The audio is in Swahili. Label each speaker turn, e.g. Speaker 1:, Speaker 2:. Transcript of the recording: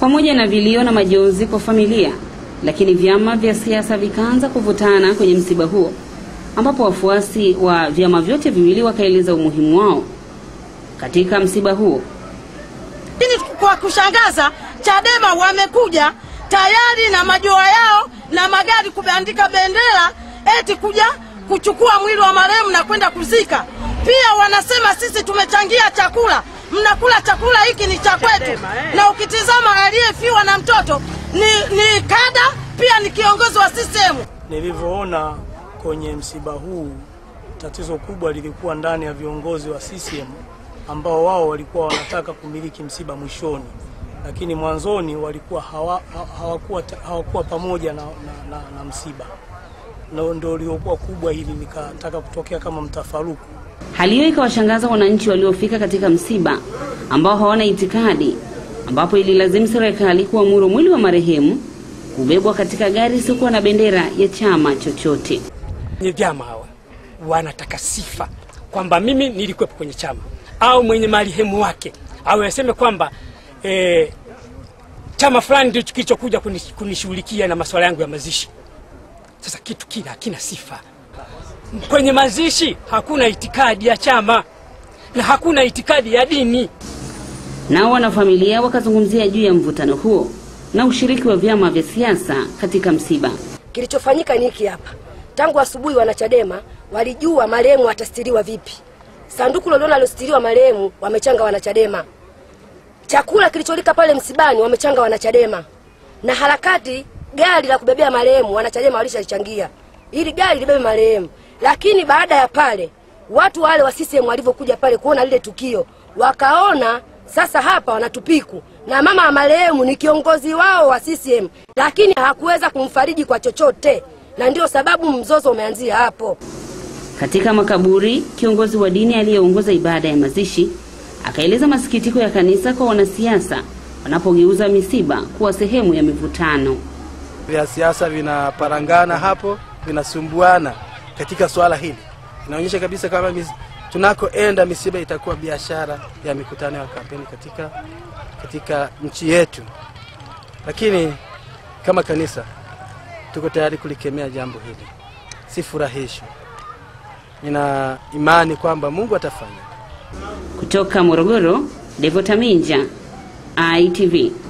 Speaker 1: pamoja na vilio na majonzi kwa familia, lakini vyama vya siasa vikaanza kuvutana kwenye msiba huo, ambapo wafuasi wa vyama vyote viwili wakaeleza umuhimu wao katika msiba huo.
Speaker 2: Kwa kushangaza, Chadema wamekuja tayari na majoa yao na magari kubandika bendera eti kuja kuchukua mwili wa marehemu na kwenda kuzika. Pia wanasema sisi tumechangia chakula, mnakula chakula hiki ni cha kwetu. Eh. Na ukitizama aliyefiwa na mtoto ni, ni kada pia ni kiongozi wa CCM.
Speaker 3: Nilivyoona kwenye msiba huu, tatizo kubwa lilikuwa ndani ya viongozi wa CCM ambao wao walikuwa wanataka kumiliki msiba mwishoni, lakini mwanzoni walikuwa hawakuwa hawa hawa hawakuwa pamoja na, na, na, na msiba ndo uliokuwa kubwa hili likataka kutokea kama mtafaruku.
Speaker 1: Hali hiyo ikawashangaza wananchi waliofika katika msiba ambao hawana itikadi, ambapo ililazimu serikali kuamuru mwili wa marehemu kubebwa katika gari isiyokuwa na bendera ya chama chochote.
Speaker 4: Wenye vyama hawa wanataka sifa kwamba mimi nilikuwepo kwenye chama, au mwenye marehemu wake au yaseme kwamba e, chama fulani ndicho kilichokuja kunishughulikia na masuala yangu ya mazishi. Sasa kitu kile hakina sifa. Kwenye mazishi hakuna itikadi ya chama na hakuna itikadi ya dini.
Speaker 1: Nao wanafamilia wakazungumzia juu ya mvutano huo na ushiriki wa vyama vya siasa katika msiba.
Speaker 5: Kilichofanyika ni hiki hapa. Tangu asubuhi wa wanachadema walijua marehemu atastiriwa vipi. Sanduku lolote alilostiriwa marehemu wamechanga wanachadema. Chakula kilicholika pale msibani wamechanga wanachadema. Na harakati gari la kubebea marehemu wanachajema walishachangia ili gari libebe marehemu, lakini baada ya pale watu wale wa CCM walivyokuja pale kuona lile tukio wakaona sasa hapa wanatupiku na mama wa marehemu ni kiongozi wao wa CCM, lakini hakuweza kumfariji kwa chochote, na ndio sababu mzozo umeanzia hapo.
Speaker 1: Katika makaburi, kiongozi wa dini aliyeongoza ibada ya mazishi akaeleza masikitiko ya kanisa kwa wanasiasa wanapogeuza misiba kuwa sehemu ya mivutano
Speaker 6: vya siasa vinaparangana hapo, vinasumbuana katika swala hili. Inaonyesha kabisa kama mis, tunakoenda misiba itakuwa biashara ya mikutano ya kampeni katika, katika nchi yetu, lakini kama kanisa tuko tayari kulikemea jambo hili, si furahisho. Nina imani kwamba Mungu atafanya.
Speaker 1: Kutoka Morogoro, Devota Minja, ITV.